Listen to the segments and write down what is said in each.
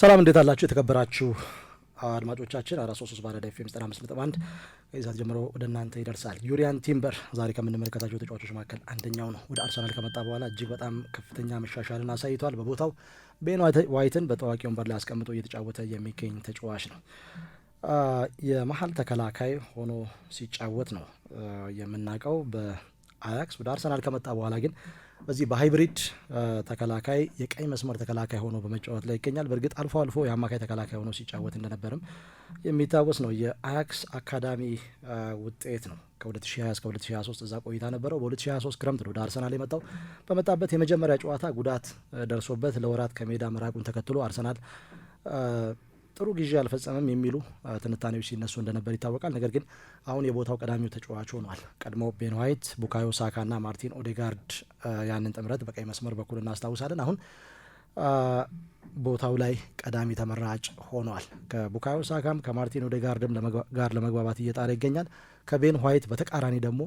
ሰላም እንዴት አላችሁ? የተከበራችሁ አድማጮቻችን አራት ሶስት ሶስት ባራዳ ኤፍኤም ዘጠና አምስት ነጥብ አንድ ከዚህ ሰዓት ጀምሮ ወደ እናንተ ይደርሳል። ዩሪያን ቲምበር ዛሬ ከምንመለከታቸው ተጫዋቾች መካከል አንደኛው ነው። ወደ አርሰናል ከመጣ በኋላ እጅግ በጣም ከፍተኛ መሻሻልን አሳይቷል። በቦታው ቤን ዋይትን በታዋቂ ወንበር ላይ አስቀምጦ እየተጫወተ የሚገኝ ተጫዋች ነው። የመሀል ተከላካይ ሆኖ ሲጫወት ነው የምናውቀው። በአያክስ ወደ አርሰናል ከመጣ በኋላ ግን በዚህ በሃይብሪድ ተከላካይ የቀኝ መስመር ተከላካይ ሆኖ በመጫወት ላይ ይገኛል። በእርግጥ አልፎ አልፎ የአማካይ ተከላካይ ሆኖ ሲጫወት እንደነበርም የሚታወስ ነው። የአያክስ አካዳሚ ውጤት ነው። ከ2020 እስከ 2023 እዛ ቆይታ ነበረው። በ2023 ክረምት ነው ወደ አርሰናል የመጣው። በመጣበት የመጀመሪያ ጨዋታ ጉዳት ደርሶበት ለወራት ከሜዳ መራቁን ተከትሎ አርሰናል ጥሩ ጊዜ አልፈጸመም የሚሉ ትንታኔዎች ሲነሱ እንደነበር ይታወቃል። ነገር ግን አሁን የቦታው ቀዳሚው ተጫዋች ሆኗል። ቀድሞ ቤን ዋይት፣ ቡካዮ ና ማርቲን ኦዴጋርድ ያንን ጥምረት በቀይ መስመር በኩል እናስታውሳለን። አሁን ቦታው ላይ ቀዳሚ ተመራጭ ሆኗል። ከቡካዮ ሳካም ከማርቲን ኦዴጋርድም ጋር ለመግባባት እየጣረ ይገኛል። ከቤን ዋይት በተቃራኒ ደግሞ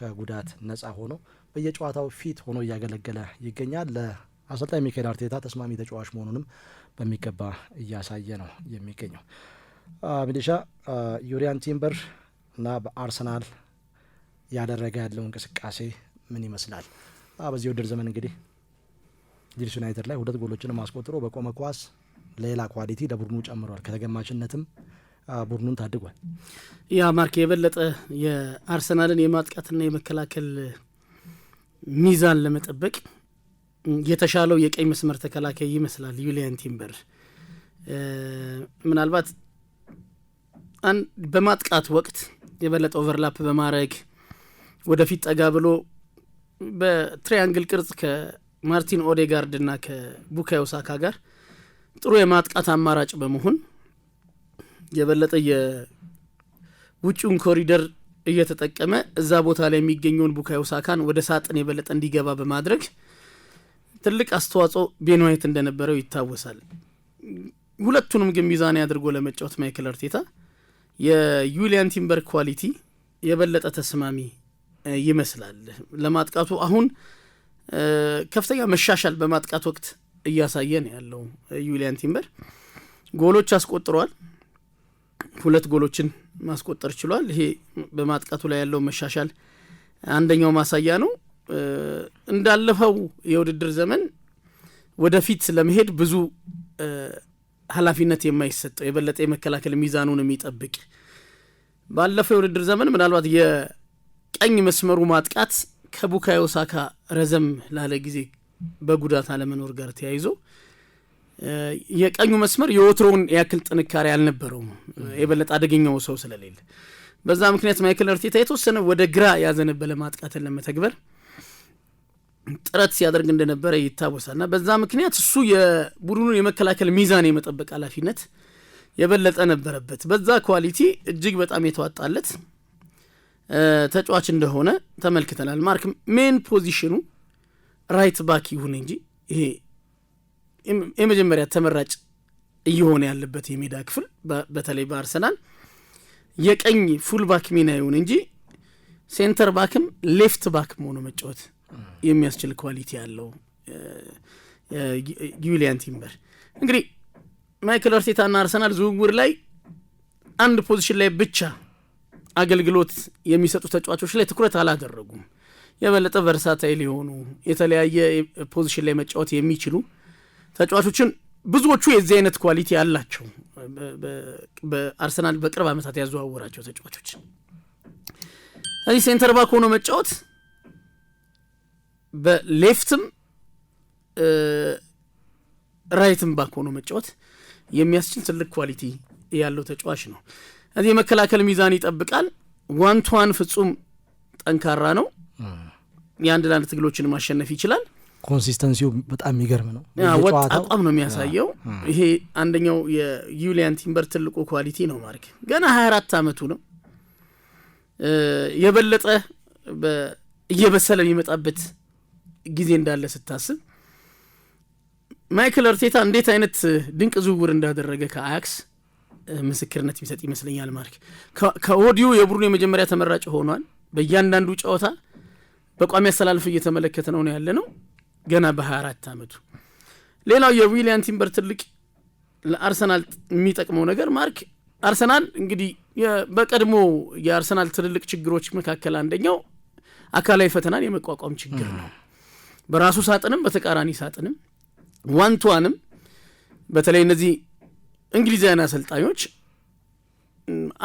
ከጉዳት ነጻ ሆኖ በየጨዋታው ፊት ሆኖ እያገለገለ ይገኛል። አሰልጣኝ ሚካኤል አርቴታ ተስማሚ ተጫዋች መሆኑንም በሚገባ እያሳየ ነው የሚገኘው። ሚሊሻ ዩሪያን ቲምበር እና በአርሰናል ያደረገ ያለው እንቅስቃሴ ምን ይመስላል? በዚህ ውድድር ዘመን እንግዲህ ሊድስ ዩናይትድ ላይ ሁለት ጎሎችን ማስቆጥሮ በቆመ ኳስ ሌላ ኳሊቲ ለቡድኑ ጨምሯል። ከተገማችነትም ቡድኑን ታድጓል። ያ ማርክ የበለጠ የአርሰናልን የማጥቃትና የመከላከል ሚዛን ለመጠበቅ የተሻለው የቀኝ መስመር ተከላካይ ይመስላል ዩሊያን ቲምበር። ምናልባት በማጥቃት ወቅት የበለጠ ኦቨርላፕ በማድረግ ወደፊት ጠጋ ብሎ በትሪያንግል ቅርጽ ከማርቲን ኦዴጋርድ እና ከቡካዮ ሳካ ጋር ጥሩ የማጥቃት አማራጭ በመሆን የበለጠ የውጭውን ኮሪደር እየተጠቀመ እዛ ቦታ ላይ የሚገኘውን ቡካዮ ሳካን ወደ ሳጥን የበለጠ እንዲገባ በማድረግ ትልቅ አስተዋጽኦ ቤንዋይት እንደነበረው ይታወሳል። ሁለቱንም ግን ሚዛኔ አድርጎ ለመጫወት ማይክል አርቴታ የዩሊያን ቲምበር ኳሊቲ የበለጠ ተስማሚ ይመስላል። ለማጥቃቱ አሁን ከፍተኛ መሻሻል በማጥቃት ወቅት እያሳየ ነው ያለው ዩሊያን ቲምበር ጎሎች አስቆጥሯል። ሁለት ጎሎችን ማስቆጠር ችሏል። ይሄ በማጥቃቱ ላይ ያለው መሻሻል አንደኛው ማሳያ ነው። እንዳለፈው የውድድር ዘመን ወደፊት ለመሄድ ብዙ ኃላፊነት የማይሰጠው የበለጠ የመከላከል ሚዛኑን የሚጠብቅ ባለፈው የውድድር ዘመን ምናልባት የቀኝ መስመሩ ማጥቃት ከቡካዮ ሳካ ረዘም ላለ ጊዜ በጉዳት አለመኖር ጋር ተያይዞ የቀኙ መስመር የወትሮውን ያክል ጥንካሬ አልነበረውም፣ የበለጠ አደገኛው ሰው ስለሌለ። በዛ ምክንያት ማይክል አርቴታ የተወሰነ ወደ ግራ ያዘነበለ ማጥቃትን ለመተግበር ጥረት ሲያደርግ እንደነበረ ይታወሳል በዛ ምክንያት እሱ የቡድኑን የመከላከል ሚዛን የመጠበቅ ኃላፊነት የበለጠ ነበረበት። በዛ ኳሊቲ እጅግ በጣም የተዋጣለት ተጫዋች እንደሆነ ተመልክተናል። ማርክ ሜን ፖዚሽኑ ራይት ባክ ይሁን እንጂ ይሄ የመጀመሪያ ተመራጭ እየሆነ ያለበት የሜዳ ክፍል በተለይ በአርሰናል የቀኝ ፉል ባክ ሚና ይሁን እንጂ ሴንተር ባክም ሌፍት ባክ መሆኑ መጫወት የሚያስችል ኳሊቲ ያለው ጊዩሊያን ቲምበር እንግዲህ ማይክል ና አርሰናል ዝውውር ላይ አንድ ፖዚሽን ላይ ብቻ አገልግሎት የሚሰጡ ተጫዋቾች ላይ ትኩረት አላደረጉም። የበለጠ ቨርሳታይል የሆኑ የተለያየ ፖዚሽን ላይ መጫወት የሚችሉ ተጫዋቾችን ብዙዎቹ የዚህ አይነት ኳሊቲ ያላቸው በአርሰናል በቅርብ ዓመታት ያዘዋወራቸው ተጫዋቾች እዚህ ሴንተር ባክ ሆኖ መጫወት በሌፍትም ራይትም ባክ ሆኖ መጫወት የሚያስችል ትልቅ ኳሊቲ ያለው ተጫዋች ነው። እዚህ የመከላከል ሚዛን ይጠብቃል። ዋንቷን ፍጹም ጠንካራ ነው። የአንድ ለአንድ ትግሎችን ማሸነፍ ይችላል። ኮንሲስተንሲው በጣም የሚገርም ነው። ወጥ አቋም ነው የሚያሳየው። ይሄ አንደኛው የዩሊያን ቲምበር ትልቁ ኳሊቲ ነው። ማርክ ገና ሀያ አራት አመቱ ነው። የበለጠ እየበሰለ የሚመጣበት ጊዜ እንዳለ ስታስብ ማይክል እርቴታ እንዴት አይነት ድንቅ ዝውውር እንዳደረገ ከአያክስ ምስክርነት የሚሰጥ ይመስለኛል። ማርክ ከወዲሁ የቡድኑ የመጀመሪያ ተመራጭ ሆኗል። በእያንዳንዱ ጨዋታ በቋሚ አሰላለፍ እየተመለከተ ነው ነው ያለ ነው ገና በ24 ዓመቱ። ሌላው የዊሊያን ቲምበር ትልቅ ለአርሰናል የሚጠቅመው ነገር ማርክ አርሰናል እንግዲህ በቀድሞ የአርሰናል ትልልቅ ችግሮች መካከል አንደኛው አካላዊ ፈተናን የመቋቋም ችግር ነው። በራሱ ሳጥንም በተቃራኒ ሳጥንም ዋንቷንም በተለይ እነዚህ እንግሊዛውያን አሰልጣኞች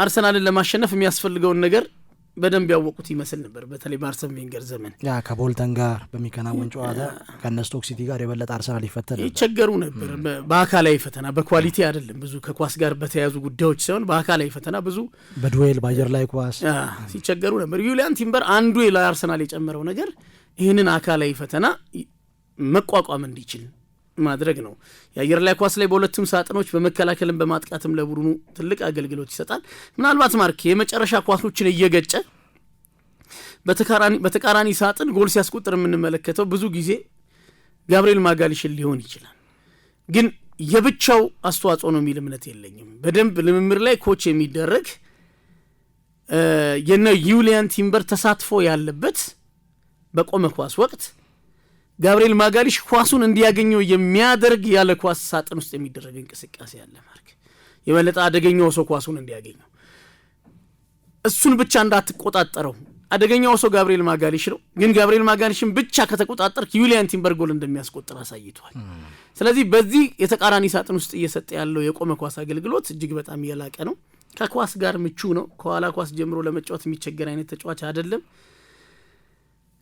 አርሰናልን ለማሸነፍ የሚያስፈልገውን ነገር በደንብ ያወቁት ይመስል ነበር። በተለይ በአርሰን ቬንገር ዘመን ያ ከቦልተን ጋር በሚከናወን ጨዋታ ከነ ስቶክ ሲቲ ጋር የበለጠ አርሰናል ይፈተን ይቸገሩ ነበር። በአካላዊ ፈተና በኳሊቲ አይደለም፣ ብዙ ከኳስ ጋር በተያያዙ ጉዳዮች ሳይሆን በአካላዊ ፈተና ብዙ በዱዌል በአየር ላይ ኳስ ሲቸገሩ ነበር። ዩሊያን ቲምበር አንዱ ላይ አርሰናል የጨመረው ነገር ይህንን አካላዊ ፈተና መቋቋም እንዲችል ማድረግ ነው። የአየር ላይ ኳስ ላይ በሁለቱም ሳጥኖች በመከላከልም በማጥቃትም ለቡድኑ ትልቅ አገልግሎት ይሰጣል። ምናልባት ማርክ የመጨረሻ ኳሶችን እየገጨ በተቃራኒ ሳጥን ጎል ሲያስቆጥር የምንመለከተው ብዙ ጊዜ ጋብርኤል ማጋሊሽን ሊሆን ይችላል። ግን የብቻው አስተዋጽኦ ነው የሚል እምነት የለኝም። በደንብ ልምምድ ላይ ኮች የሚደረግ የነ ዩሊያን ቲምበር ተሳትፎ ያለበት በቆመ ኳስ ወቅት ጋብርኤል ማጋሊሽ ኳሱን እንዲያገኘው የሚያደርግ ያለ ኳስ ሳጥን ውስጥ የሚደረግ እንቅስቃሴ አለ። ማርክ የበለጠ አደገኛው ሰው ኳሱን እንዲያገኘው እሱን ብቻ እንዳትቆጣጠረው። አደገኛው ሰው ጋብርኤል ማጋሊሽ ነው፣ ግን ጋብርኤል ማጋሊሽን ብቻ ከተቆጣጠር ዩሊያን ቲምበር ጎል እንደሚያስቆጥር አሳይቷል። ስለዚህ በዚህ የተቃራኒ ሳጥን ውስጥ እየሰጠ ያለው የቆመ ኳስ አገልግሎት እጅግ በጣም የላቀ ነው። ከኳስ ጋር ምቹ ነው። ከኋላ ኳስ ጀምሮ ለመጫወት የሚቸገር አይነት ተጫዋች አይደለም።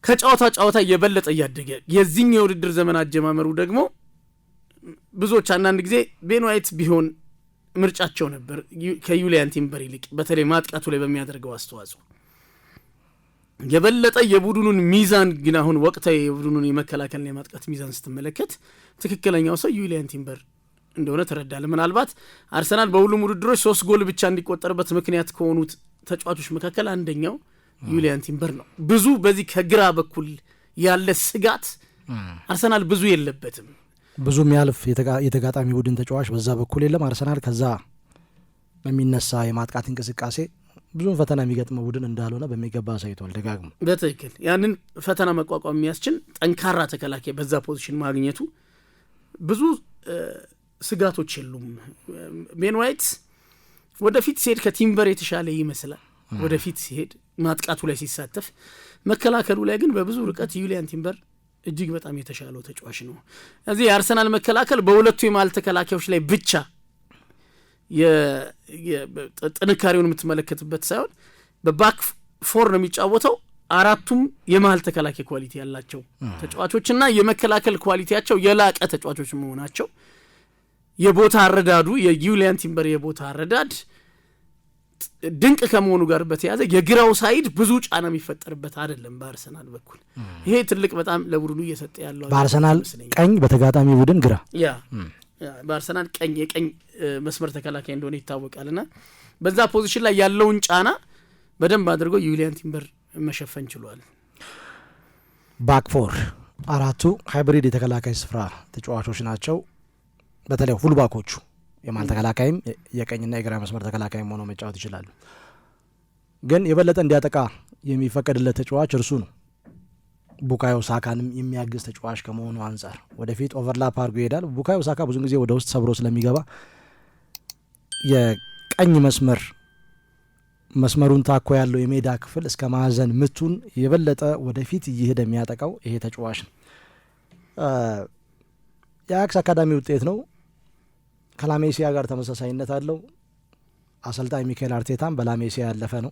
ከጨዋታ ጨዋታ የበለጠ እያደገ የዚህኛው የውድድር ዘመን አጀማመሩ ደግሞ ብዙዎች አንዳንድ ጊዜ ቤን ዋይት ቢሆን ምርጫቸው ነበር ከዩሊያን ቲምበር ይልቅ በተለይ ማጥቃቱ ላይ በሚያደርገው አስተዋጽኦ የበለጠ የቡድኑን ሚዛን ግን አሁን ወቅታዊ የቡድኑን የመከላከልና የማጥቃት ሚዛን ስትመለከት ትክክለኛው ሰው ዩሊያን ቲምበር እንደሆነ ትረዳለ። ምናልባት አርሰናል በሁሉም ውድድሮች ሶስት ጎል ብቻ እንዲቆጠርበት ምክንያት ከሆኑት ተጫዋቾች መካከል አንደኛው ዩሊያን ቲምበር ነው። ብዙ በዚህ ከግራ በኩል ያለ ስጋት አርሰናል ብዙ የለበትም። ብዙም ያልፍ የተጋጣሚ ቡድን ተጫዋች በዛ በኩል የለም። አርሰናል ከዛ በሚነሳ የማጥቃት እንቅስቃሴ ብዙም ፈተና የሚገጥመው ቡድን እንዳልሆነ በሚገባ አሳይቷል። ደጋግሞ በትክክል ያንን ፈተና መቋቋም የሚያስችል ጠንካራ ተከላካይ በዛ ፖዚሽን ማግኘቱ ብዙ ስጋቶች የሉም። ቤን ዋይት ወደፊት ሲሄድ ከቲምበር የተሻለ ይመስላል። ወደፊት ሲሄድ ማጥቃቱ ላይ ሲሳተፍ፣ መከላከሉ ላይ ግን በብዙ ርቀት ዩሊያን ቲምበር እጅግ በጣም የተሻለው ተጫዋች ነው። እዚህ የአርሰናል መከላከል በሁለቱ የመሀል ተከላካዮች ላይ ብቻ ጥንካሬውን የምትመለከትበት ሳይሆን በባክ ፎር ነው የሚጫወተው። አራቱም የመሀል ተከላካይ ኳሊቲ ያላቸው ተጫዋቾችና የመከላከል ኳሊቲያቸው የላቀ ተጫዋቾች መሆናቸው የቦታ አረዳዱ የዩሊያን ቲምበር የቦታ አረዳድ ድንቅ ከመሆኑ ጋር በተያዘ የግራው ሳይድ ብዙ ጫና የሚፈጠርበት አይደለም በአርሰናል በኩል። ይሄ ትልቅ በጣም ለቡድኑ እየሰጠ ያለው በአርሰናል ቀኝ በተጋጣሚ ቡድን ግራ ያ በአርሰናል ቀኝ የቀኝ መስመር ተከላካይ እንደሆነ ይታወቃል። ና በዛ ፖዚሽን ላይ ያለውን ጫና በደንብ አድርጎ ዩሊያን ቲምበር መሸፈን ችሏል። ባክፎር አራቱ ሃይብሪድ የተከላካይ ስፍራ ተጫዋቾች ናቸው። በተለይ ሁልባኮቹ የማል ተከላካይም የቀኝና የግራ መስመር ተከላካይም ሆኖ መጫወት ይችላሉ። ግን የበለጠ እንዲያጠቃ የሚፈቀድለት ተጫዋች እርሱ ነው። ቡካዮ ሳካንም የሚያግዝ ተጫዋች ከመሆኑ አንጻር ወደፊት ኦቨርላፕ አድርጎ ይሄዳል። ቡካዮ ሳካ ብዙን ጊዜ ወደ ውስጥ ሰብሮ ስለሚገባ የቀኝ መስመር መስመሩን ታኮ ያለው የሜዳ ክፍል እስከ ማዕዘን ምቱን የበለጠ ወደፊት እየሄደ የሚያጠቃው ይሄ ተጫዋች ነው። የአያክስ አካዳሚ ውጤት ነው። ከላሜሲያ ጋር ተመሳሳይነት አለው። አሰልጣኝ ሚካኤል አርቴታም በላሜሲያ ያለፈ ነው።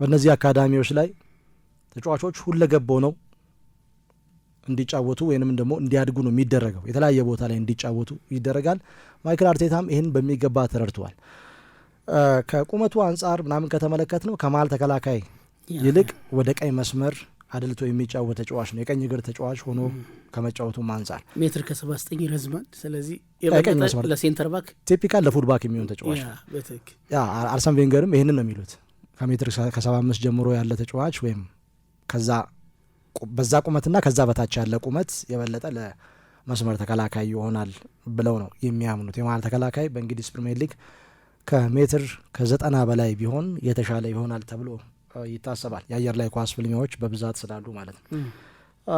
በእነዚህ አካዳሚዎች ላይ ተጫዋቾች ሁለገብ ነው እንዲጫወቱ ወይንም ደግሞ እንዲያድጉ ነው የሚደረገው። የተለያየ ቦታ ላይ እንዲጫወቱ ይደረጋል። ማይክል አርቴታም ይህን በሚገባ ተረድተዋል። ከቁመቱ አንጻር ምናምን ከተመለከት ነው ከመሀል ተከላካይ ይልቅ ወደ ቀይ መስመር አድልቶ የሚጫወት ተጫዋች ነው። የቀኝ እግር ተጫዋች ሆኖ ከመጫወቱ አንጻር ሜትር ከሰባ ዘጠኝ ረዝማል። ስለዚህ ለሴንተር ባክ ቲፒካል ለፉል የሚሆን ተጫዋች ነው። አርሰን ቬንገርም ይህንን ነው የሚሉት ከሜትር ከሰባ አምስት ጀምሮ ያለ ተጫዋች ወይም ከዛ በዛ ቁመትና ከዛ በታች ያለ ቁመት የበለጠ ለመስመር ተከላካይ ይሆናል ብለው ነው የሚያምኑት። የመሀል ተከላካይ በእንግሊዝ ፕሪሚየር ሊግ ከሜትር ከዘጠና በላይ ቢሆን የተሻለ ይሆናል ተብሎ ይታሰባል። የአየር ላይ ኳስ ፍልሚያዎች በብዛት ስላሉ ማለት ነው።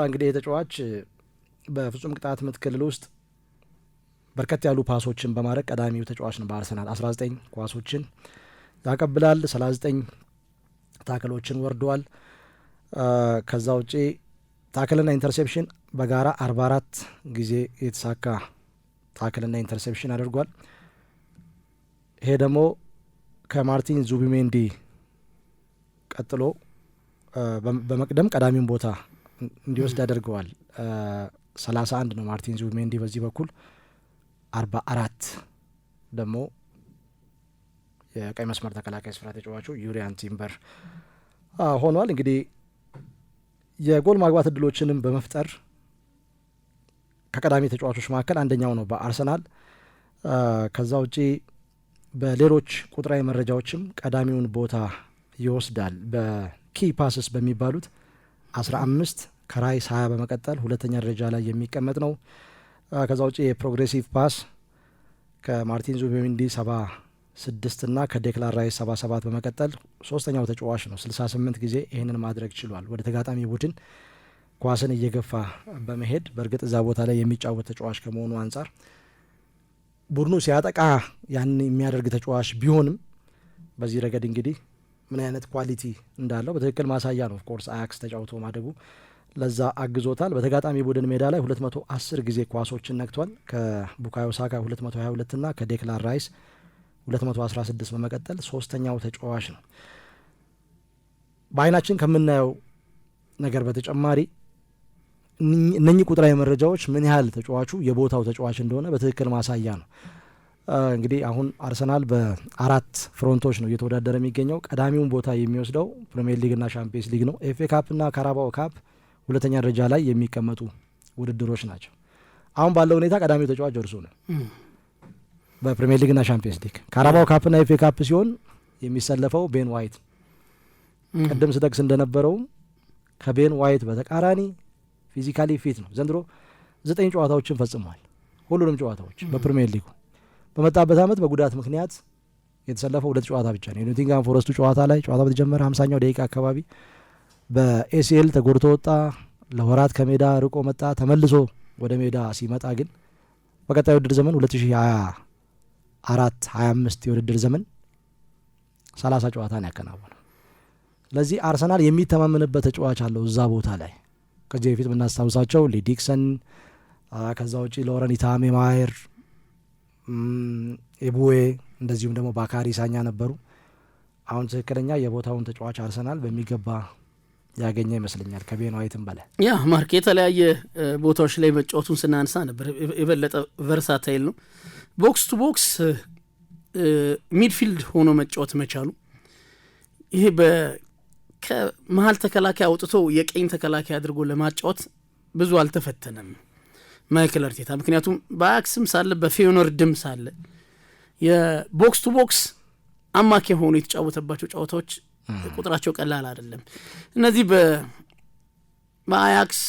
እንግዲህ የተጫዋች በፍጹም ቅጣት ምት ክልል ውስጥ በርከት ያሉ ፓሶችን በማድረግ ቀዳሚው ተጫዋች ነው። በአርሰናል 19 ኳሶችን ያቀብላል። 39 ታክሎችን ወርደዋል። ከዛ ውጪ ታክልና ኢንተርሴፕሽን በጋራ 44 ጊዜ የተሳካ ታክልና ኢንተርሴፕሽን አድርጓል። ይሄ ደግሞ ከማርቲን ዙቢሜንዲ ቀጥሎ በመቅደም ቀዳሚውን ቦታ እንዲወስድ ያደርገዋል። ሰላሳ አንድ ነው ማርቲን ዙቢሜንዲ በዚህ በኩል አርባ አራት ደግሞ የቀይ መስመር ተከላካይ ስፍራ ተጫዋቹ ዩሪያን ቲምበር ሆኗል። እንግዲህ የጎል ማግባት እድሎችንም በመፍጠር ከቀዳሚ ተጫዋቾች መካከል አንደኛው ነው በአርሰናል። ከዛ ውጪ በሌሎች ቁጥራዊ መረጃዎችም ቀዳሚውን ቦታ ይወስዳል። በኪ ፓስስ በሚባሉት 15 ከራይስ 20 በመቀጠል ሁለተኛ ደረጃ ላይ የሚቀመጥ ነው። ከዛ ውጭ የፕሮግሬሲቭ ፓስ ከማርቲን ዙቢሜንዲ 76 ና ከዴክላን ራይስ 77 በመቀጠል ሶስተኛው ተጫዋች ነው። 68 ጊዜ ይህንን ማድረግ ችሏል። ወደ ተጋጣሚ ቡድን ኳስን እየገፋ በመሄድ በእርግጥ እዛ ቦታ ላይ የሚጫወት ተጫዋች ከመሆኑ አንጻር ቡድኑ ሲያጠቃ ያን የሚያደርግ ተጫዋች ቢሆንም በዚህ ረገድ እንግዲህ ምን አይነት ኳሊቲ እንዳለው በትክክል ማሳያ ነው። ኦፍኮርስ አያክስ ተጫውቶ ማደጉ ለዛ አግዞታል። በተጋጣሚ ቡድን ሜዳ ላይ 210 ጊዜ ኳሶችን ነክቷል። ከቡካዮ ሳካ 222 እና ከዴክላን ራይስ 216 በመቀጠል ሶስተኛው ተጫዋች ነው። በአይናችን ከምናየው ነገር በተጨማሪ እነኚህ ቁጥራዊ መረጃዎች ምን ያህል ተጫዋቹ የቦታው ተጫዋች እንደሆነ በትክክል ማሳያ ነው። እንግዲህ አሁን አርሰናል በአራት ፍሮንቶች ነው እየተወዳደረ የሚገኘው። ቀዳሚውን ቦታ የሚወስደው ፕሪሚየር ሊግና ሻምፒየንስ ሊግ ነው። ኤፍኤ ካፕና ካራባኦ ካፕ ሁለተኛ ደረጃ ላይ የሚቀመጡ ውድድሮች ናቸው። አሁን ባለው ሁኔታ ቀዳሚው ተጫዋች እርሱ ነው በፕሪሚየር ሊግና ሻምፒየንስ ሊግ። ካራባኦ ካፕና ኤፍኤ ካፕ ሲሆን የሚሰለፈው ቤን ዋይት፣ ቅድም ስጠቅስ እንደነበረውም ከቤን ዋይት በተቃራኒ ፊዚካሊ ፊት ነው። ዘንድሮ ዘጠኝ ጨዋታዎችን ፈጽሟል። ሁሉንም ጨዋታዎች በፕሪሚየር ሊጉ በመጣበት ዓመት በጉዳት ምክንያት የተሰለፈው ሁለት ጨዋታ ብቻ ነው። የኖቲንግሃም ፎረስቱ ጨዋታ ላይ ጨዋታ በተጀመረ ሀምሳኛው ደቂቃ አካባቢ በኤሲኤል ተጎድቶ ወጣ። ለወራት ከሜዳ ርቆ መጣ። ተመልሶ ወደ ሜዳ ሲመጣ ግን በቀጣይ ውድድር ዘመን 2024 25 የውድድር ዘመን 30 ጨዋታ ነው ያከናወነው። ስለዚህ አርሰናል የሚተማመንበት ተጫዋች አለው እዛ ቦታ ላይ ከዚህ በፊት የምናስታውሳቸው ሊዲክሰን ከዛ ውጪ ሎረን ኢታሜ ማየር ኤቡዌ እንደዚሁም ደግሞ ባካሪ ሳኛ ነበሩ። አሁን ትክክለኛ የቦታውን ተጫዋች አርሰናል በሚገባ ያገኘ ይመስለኛል። ዋይትም በላይ ያ ማርክ የተለያየ ቦታዎች ላይ መጫወቱን ስናነሳ ነበር። የበለጠ ቨርሳታይል ነው። ቦክስ ቱ ቦክስ ሚድፊልድ ሆኖ መጫወት መቻሉ ይሄ ከመሀል ተከላካይ አውጥቶ የቀኝ ተከላካይ አድርጎ ለማጫወት ብዙ አልተፈተነም። ማይክል አርቴታ። ምክንያቱም በአክስም ሳለ በፌዮኖርድም ሳለ የቦክስ ቱ ቦክስ አማኪ የሆኑ የተጫወተባቸው ጨዋታዎች ቁጥራቸው ቀላል አይደለም። እነዚህ በአያክስ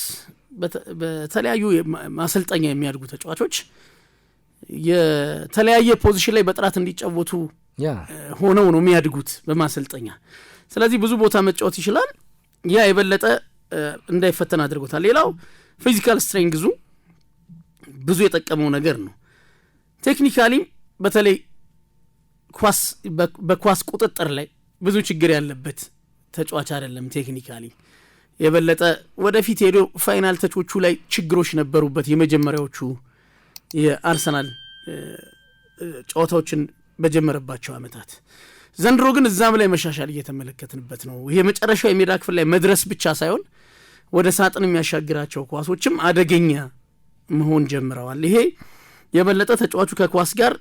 በተለያዩ ማሰልጠኛ የሚያድጉ ተጫዋቾች የተለያየ ፖዚሽን ላይ በጥራት እንዲጫወቱ ሆነው ነው የሚያድጉት በማሰልጠኛ። ስለዚህ ብዙ ቦታ መጫወት ይችላል። ያ የበለጠ እንዳይፈተን አድርጎታል። ሌላው ፊዚካል ስትሬንግዙ ብዙ የጠቀመው ነገር ነው። ቴክኒካሊም በተለይ ኳስ በኳስ ቁጥጥር ላይ ብዙ ችግር ያለበት ተጫዋች አይደለም። ቴክኒካሊ የበለጠ ወደፊት ሄዶ ፋይናል ተቾቹ ላይ ችግሮች ነበሩበት። የመጀመሪያዎቹ የአርሰናል ጨዋታዎችን በጀመረባቸው አመታት ዘንድሮ ግን እዛም ላይ መሻሻል እየተመለከትንበት ነው። ይሄ የመጨረሻው የሜዳ ክፍል ላይ መድረስ ብቻ ሳይሆን ወደ ሳጥን የሚያሻግራቸው ኳሶችም አደገኛ መሆን ጀምረዋል። ይሄ የበለጠ ተጫዋቹ ከኳስ ጋር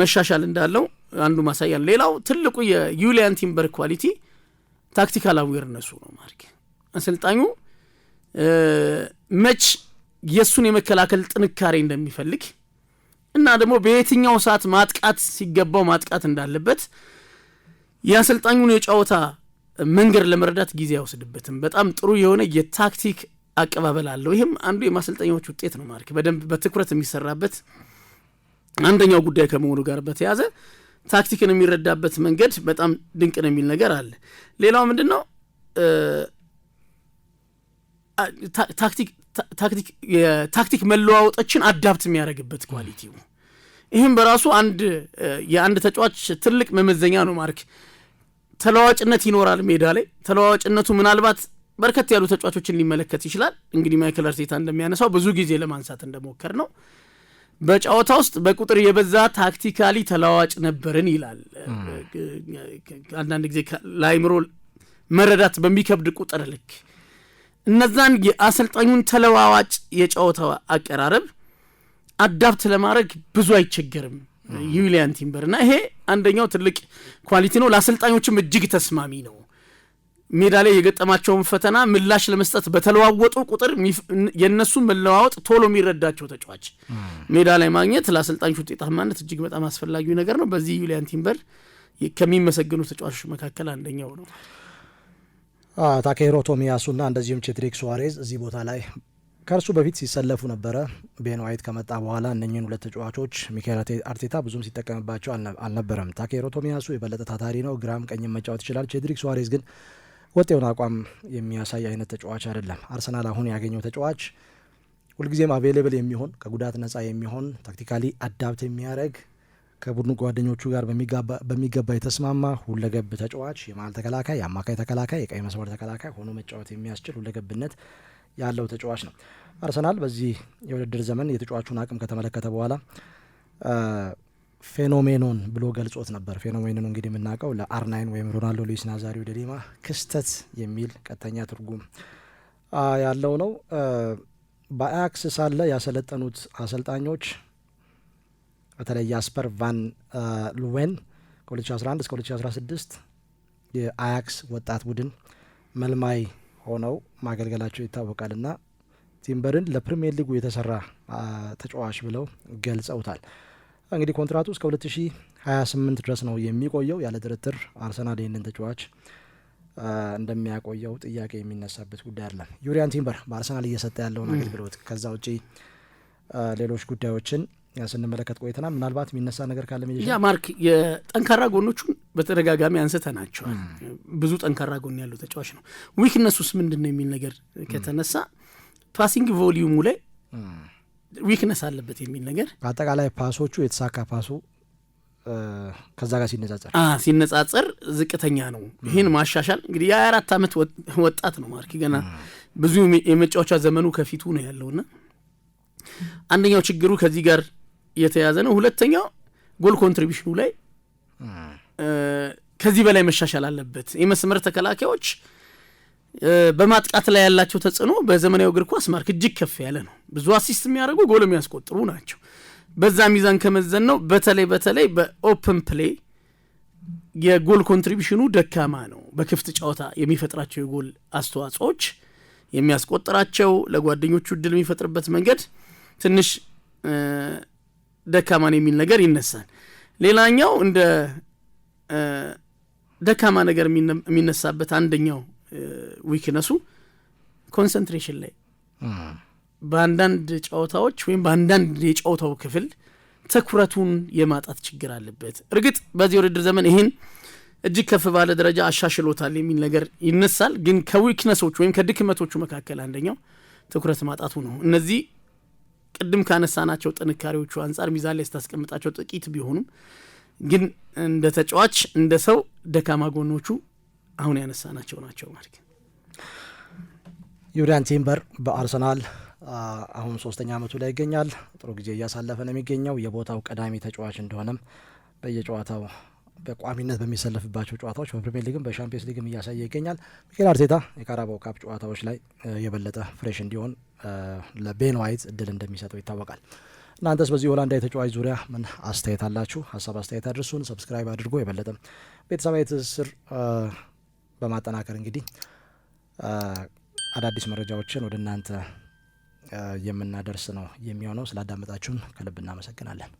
መሻሻል እንዳለው አንዱ ማሳያ ነው። ሌላው ትልቁ የዩሊያን ቲምበር ኳሊቲ ታክቲካል አዌርነሱ ነው። ማርክ አሰልጣኙ መች የእሱን የመከላከል ጥንካሬ እንደሚፈልግ እና ደግሞ በየትኛው ሰዓት ማጥቃት ሲገባው ማጥቃት እንዳለበት የአሰልጣኙን የጨዋታ መንገድ ለመረዳት ጊዜ አይወስድበትም። በጣም ጥሩ የሆነ የታክቲክ አቀባበል አለው። ይህም አንዱ የማሰልጠኛዎች ውጤት ነው። ማርክ በደንብ በትኩረት የሚሰራበት አንደኛው ጉዳይ ከመሆኑ ጋር በተያዘ ታክቲክን የሚረዳበት መንገድ በጣም ድንቅ ነው የሚል ነገር አለ። ሌላው ምንድን ነው ታክቲክ መለዋወጦችን አዳፕት የሚያደርግበት ኳሊቲው ይህም በራሱ አንድ የአንድ ተጫዋች ትልቅ መመዘኛ ነው። ማርክ ተለዋዋጭነት ይኖራል ሜዳ ላይ ተለዋዋጭነቱ ምናልባት በርከት ያሉ ተጫዋቾችን ሊመለከት ይችላል። እንግዲህ ማይክል አርቴታ እንደሚያነሳው ብዙ ጊዜ ለማንሳት እንደሞከር ነው በጨዋታ ውስጥ በቁጥር የበዛ ታክቲካሊ ተለዋዋጭ ነበርን ይላል። አንዳንድ ጊዜ ለአይምሮ መረዳት በሚከብድ ቁጥር ልክ እነዛን የአሰልጣኙን ተለዋዋጭ የጨዋታ አቀራረብ አዳፕት ለማድረግ ብዙ አይቸገርም ዩሊያን ቲምበር እና ይሄ አንደኛው ትልቅ ኳሊቲ ነው። ለአሰልጣኞችም እጅግ ተስማሚ ነው። ሜዳ ላይ የገጠማቸውን ፈተና ምላሽ ለመስጠት በተለዋወጡ ቁጥር የእነሱን መለዋወጥ ቶሎ የሚረዳቸው ተጫዋች ሜዳ ላይ ማግኘት ለአሰልጣኞች ውጤታማነት እጅግ በጣም አስፈላጊ ነገር ነው። በዚህ ዩሊያን ቲምበር ከሚመሰግኑ ተጫዋቾች መካከል አንደኛው ነው። ታኬሂሮ ቶሚያሱና እንደዚሁም ቼትሪክ ሱዋሬዝ እዚህ ቦታ ላይ ከእርሱ በፊት ሲሰለፉ ነበረ። ቤን ዋይት ከመጣ በኋላ እነኝን ሁለት ተጫዋቾች ሚካኤል አርቴታ ብዙም ሲጠቀምባቸው አልነበረም። ታኬሂሮ ቶሚያሱ የበለጠ ታታሪ ነው፣ ግራም ቀኝም መጫወት ይችላል። ቼድሪክ ሱዋሬዝ ግን ወጥ የሆነ አቋም የሚያሳይ አይነት ተጫዋች አይደለም። አርሰናል አሁን ያገኘው ተጫዋች ሁልጊዜም አቬሌብል የሚሆን ከጉዳት ነጻ የሚሆን ታክቲካሊ አዳብት የሚያደርግ ከቡድኑ ጓደኞቹ ጋር በሚገባ የተስማማ ሁለገብ ተጫዋች የመሀል ተከላካይ፣ የአማካይ ተከላካይ፣ የቀይ መስመር ተከላካይ ሆኖ መጫወት የሚያስችል ሁለገብነት ያለው ተጫዋች ነው። አርሰናል በዚህ የውድድር ዘመን የተጫዋቹን አቅም ከተመለከተ በኋላ ፌኖሜኖን ብሎ ገልጾት ነበር። ፌኖሜኖን እንግዲህ የምናውቀው ለአርናይን ወይም ሮናልዶ ሉዊስ ናዛሪዮ ዴሊማ ክስተት የሚል ቀጥተኛ ትርጉም ያለው ነው። በአያክስ ሳለ ያሰለጠኑት አሰልጣኞች በተለይ ያስፐር ቫን ሉዌን ከ2011 እስከ 2016 የአያክስ ወጣት ቡድን መልማይ ሆነው ማገልገላቸው ይታወቃል እና ቲምበርን ለፕሪምየር ሊጉ የተሰራ ተጫዋች ብለው ገልጸውታል። እንግዲህ ኮንትራቱ እስከ 2028 ድረስ ነው የሚቆየው። ያለ ድርድር አርሰናል ይህንን ተጫዋች እንደሚያቆየው ጥያቄ የሚነሳበት ጉዳይ አለ። ዩሪያን ቲምበር በአርሰናል እየሰጠ ያለውን አገልግሎት ከዛ ውጪ ሌሎች ጉዳዮችን ስንመለከት ቆይተናል። ምናልባት የሚነሳ ነገር ካለ ያ ማርክ የጠንካራ ጎኖቹን በተደጋጋሚ አንስተናቸዋል። ብዙ ጠንካራ ጎን ያለው ተጫዋች ነው። ዊክነሱስ ምንድን ነው የሚል ነገር ከተነሳ ፓሲንግ ቮሊዩሙ ላይ ዊክነስ አለበት የሚል ነገር በአጠቃላይ ፓሶቹ የተሳካ ፓሱ ከዛ ጋር ሲነጻጸር ሲነጻጸር ዝቅተኛ ነው። ይህን ማሻሻል እንግዲህ የሀያ አራት ዓመት ወጣት ነው ማርኪ ገና ብዙ የመጫወቻ ዘመኑ ከፊቱ ነው ያለውና አንደኛው ችግሩ ከዚህ ጋር የተያዘ ነው። ሁለተኛው ጎል ኮንትሪቢሽኑ ላይ ከዚህ በላይ መሻሻል አለበት። የመስመር ተከላካዮች በማጥቃት ላይ ያላቸው ተጽዕኖ በዘመናዊ እግር ኳስ ማርክ እጅግ ከፍ ያለ ነው። ብዙ አሲስት የሚያደርጉ ጎል የሚያስቆጥሩ ናቸው። በዛ ሚዛን ከመዘን ነው በተለይ በተለይ በኦፕን ፕሌይ የጎል ኮንትሪቢሽኑ ደካማ ነው። በክፍት ጨዋታ የሚፈጥራቸው የጎል አስተዋጽኦች የሚያስቆጥራቸው ለጓደኞቹ እድል የሚፈጥርበት መንገድ ትንሽ ደካማን የሚል ነገር ይነሳል። ሌላኛው እንደ ደካማ ነገር የሚነሳበት አንደኛው ዊክነሱ ኮንሰንትሬሽን ላይ በአንዳንድ ጨዋታዎች ወይም በአንዳንድ የጨዋታው ክፍል ትኩረቱን የማጣት ችግር አለበት። እርግጥ በዚህ ውድድር ዘመን ይህን እጅግ ከፍ ባለ ደረጃ አሻሽሎታል የሚል ነገር ይነሳል። ግን ከዊክነሶቹ ወይም ከድክመቶቹ መካከል አንደኛው ትኩረት ማጣቱ ነው። እነዚህ ቅድም ካነሳናቸው ጥንካሬዎቹ አንጻር ሚዛን ላይ ስታስቀምጣቸው ጥቂት ቢሆኑም ግን እንደ ተጫዋች እንደ ሰው ደካማ ጎኖቹ አሁን ያነሳናቸው ናቸው ማለት ዩሪያን ቲምበር በአርሰናል አሁን ሶስተኛ አመቱ ላይ ይገኛል። ጥሩ ጊዜ እያሳለፈ ነው የሚገኘው። የቦታው ቀዳሚ ተጫዋች እንደሆነም በየጨዋታው በቋሚነት በሚሰለፍባቸው ጨዋታዎች በፕሪሚየር ሊግም በሻምፒዮንስ ሊግም እያሳየ ይገኛል። ሚኬል አርቴታ የካራባው ካፕ ጨዋታዎች ላይ የበለጠ ፍሬሽ እንዲሆን ለቤን ዋይት እድል እንደሚሰጠው ይታወቃል። እናንተስ በዚህ ሆላንዳዊ ተጫዋች ዙሪያ ምን አስተያየት አላችሁ? ሀሳብ አስተያየት አድርሱን። ሰብስክራይብ አድርጎ የበለጠ ቤተሰባዊ ትስስር በማጠናከር እንግዲህ አዳዲስ መረጃዎችን ወደ እናንተ የምናደርስ ነው የሚሆነው። ስላዳመጣችሁን ከልብ እናመሰግናለን።